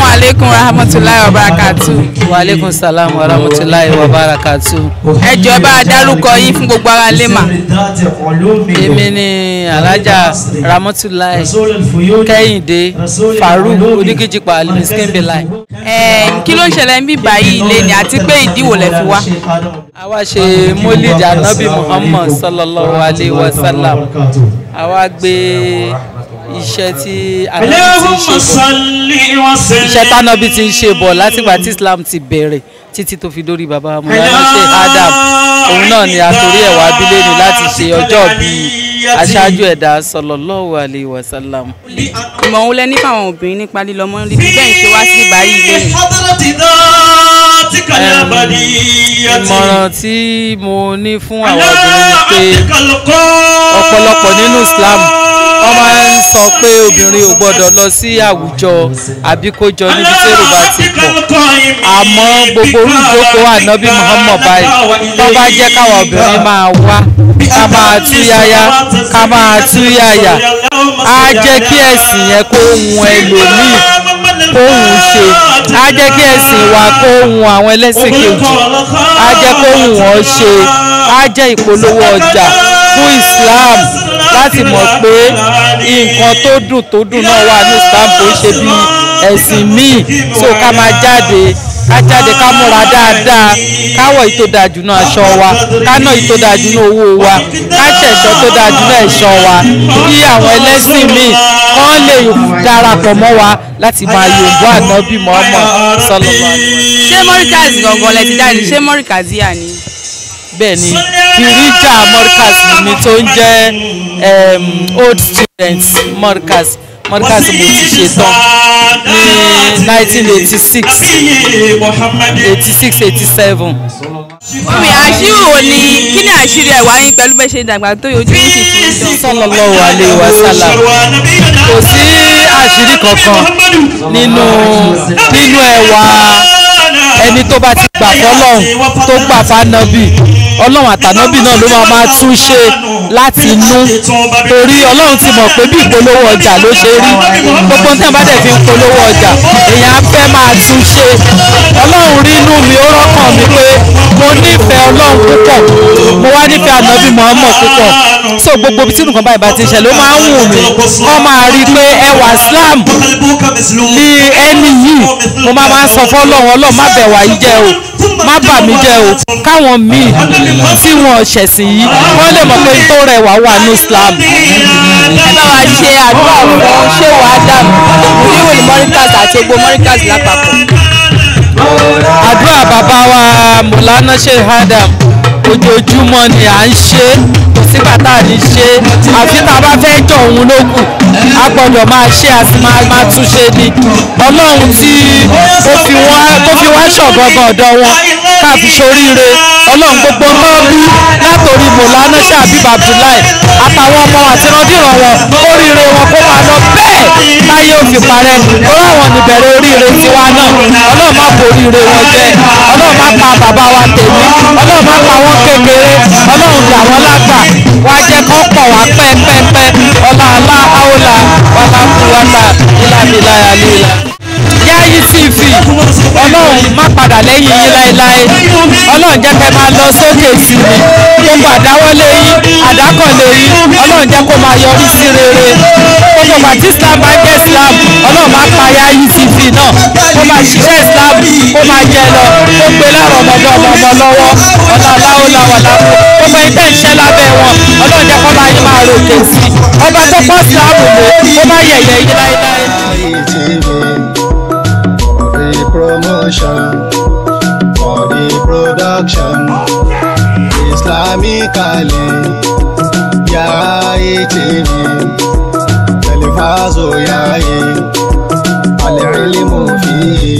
salamu aleykum rahmatulahi wa barakatu. wa aleykum salamu wa rahmatulahi wa barakatu. ẹ jọ̀ọ́ bá a dárúkọ yín fún gbogbo ara lè mà. èmi ni alhaja rahmatulahi kẹ́hìndé farouk oníkejìpá alimiskin ẹ kí ló ń ṣẹlẹ̀ ń bí báyìí ilé ni àti pé ìdíwò lẹ fi wá. àwa ṣe mólid anabi muhammad sallallahu alayhi wa sallam àwa gbé iṣẹ́ tí anabi ti ń ṣe bọ̀ iṣẹ́ tanabi ti ń ṣe bọ̀ látìgbà tí Islam ti bẹ̀rẹ̀ títí tó fi dórí baba muhammadu adam òun náà ni àtòrí ẹ̀wà abílẹ̀ ni láti ṣe ọjọ́ bíi aṣáájú ẹ̀dá sallallahu alaihi wasallam. ìmọ̀ òun lẹ nípa àwọn obìnrin nípa lílọ mọ́ níbi bẹ́ẹ̀ ṣe wá sí báyìí lónìí. ìmọ̀ràn tí mo ní fún àwọn obìnrin ni pé ọ̀pọ̀lọpọ̀ nínú Islam wọ́n máa ń sọ pé obìnrin ò gbọ́dọ̀ lọ sí àwùjọ àbí kó jọ níbi tí èrò ti pọ̀ àmọ́ gbogbo olùdókòwò ànábì Muhammad báyìí tó bá jẹ́ káwa obìnrin máa wá ká máa túyáyá ká máa túyáyá á jẹ́ kí ẹ̀sìn yẹn kó hun ẹlòmíì kó hun ṣe á jẹ́ kí ẹ̀sìn wa kó hun àwọn ẹlẹ́sìn kejì á jẹ́ kó hun wọn ṣe á jẹ́ ìpolówó ọjà fún Islam láti mọ̀ pé nǹkan tó dùn tó dùn náà wà ní Islam ṣe bí ẹ̀sìn míì so ká máa jáde ká jáde ká múra dáadáa ká wọ̀ èyí náà aṣọ wa ká ná èyí náà owó wa ká ṣẹ̀ṣọ́ tó dáa náà ẹ̀ṣọ́ wa kí àwọn ẹlẹ́sìn míì kán lè darapọ̀ mọ́ wa láti máa yòǹbó ànábì Muhammad sallallahu alaihi ṣé mọ́ríkàzì gangan lẹ ti dáàdì ṣé mọ́ríkàzì yà ni bẹ́ẹ̀ ni firija morcas mi tó ń jẹ́ old students morcas morcas mo ti ṣe tán ní nineteen eighty six eighty six eighty seven. omi ni kí ni àṣírí ẹ̀ wáyé pẹ̀lú bẹ́ẹ̀ ṣe dàgbà tó yẹ ojú yìí ti ti dán. sallallahu alaihi wasallam kò sí àṣírí kankan nínú nínú ẹwà ẹni tó bá ti gbà fọlọ́run tó gbà fánábì ọlọ́run àtànábì náà ló máa máa tún ṣe láti inú torí ọlọ́run ti mọ̀ pé bí ìpolówó ọjà ló ṣe rí gbogbo ní àbá dẹ̀ fi ń polówó ọjà èèyàn á fẹ́ máa tún ṣe ọlọ́run rí inú mi ó rọ́kàn mi pé mo nífẹ̀ẹ́ ọlọ́run púpọ̀ mo wá nífẹ̀ẹ́ ànábì mọ̀ọ́mọ̀ púpọ̀ so gbogbo tí nǹkan báyìí bá ti ṣẹlẹ̀ ó máa ń wù mí wọ́n máa rí i pé ẹwà Islam ni ẹni yìí mo máa máa sọ fọ́ ọlọ́run ọlọ́run má bẹ̀ wá yìí jẹ́ o má bà mí jẹ́ o káwọn míì tí wọn ṣẹ̀sìn yìí wọ́n lè mọ̀ pé tó rẹwà wà ní Islam. ẹ bá wa ṣe àdúrà fún Ṣéwù Adam oníwèé Morikas àti gbogbo Morikas lápapọ̀. àdúrà bàbá wa Mọ̀lánà Ṣéwù Adam ojoojúmọ́ ni à ń ṣe kò sígbà tá ní ṣe àfi tá a bá fẹ́ jọ òun ló a gbọ́dọ̀ máa ṣe a máa tún ṣe ni ọlọ́run tí ó fi wá tó ọ̀dọ̀ wọn ká ṣoríire ọlọ́run gbogbo náà bú látòrí mọ̀lánà ṣàbíbà Abdullahi àtàwọn ọmọ àti rọ́dìrọ̀ wọn oríire wọn kó máa lọ bẹ́ẹ̀ táyé òfin parẹ́ ó ráwọn níbẹ̀rẹ̀ oríire tiwa náà ọlọ́run má borí ire wọn jẹ́ ọlọ́run pa bàbá wa tèmi ọlọ́run má pa wọ́n kékeré ọlọ́run gbà wọ́n lágbà wá jẹ́ kó pọ̀ wá pẹ́ẹ́pẹ́ẹ́pẹ́ ọlá alá àwòlà wàlá fúwàlà ìlànà ìlànà yáyí tv ọlọ́run má padà lẹ́yìn yín láéláé ọlọ́run jẹ́ kẹ́ máa lọ sókè sí mi gbogbo àdáwọ́lé yín àdákọ̀lé yín ọlọ́run jẹ́ kó máa yọrí sí rere gbogbo bàtí islam bá jẹ́ islam ọlọ́run má pa yáyí tv náà kó máa ṣiṣẹ́ sí kó máa jẹ lọ kó gbé láàrọ̀ ọmọdé ọmọ ọmọ lọ́wọ́ aláwo làwọn làwọn gbogbo ẹgbẹ́ ìṣẹ́ lábẹ́ wọn ọlọ́run jẹ́ kó máa yín máa ròkè sí ọba tó pọ̀ sí àbùkù kó má yẹ̀yẹ̀ yín láéláé. promotion for the production islamically yàrá ATV e tẹlifásò e, yàrá yìí fi.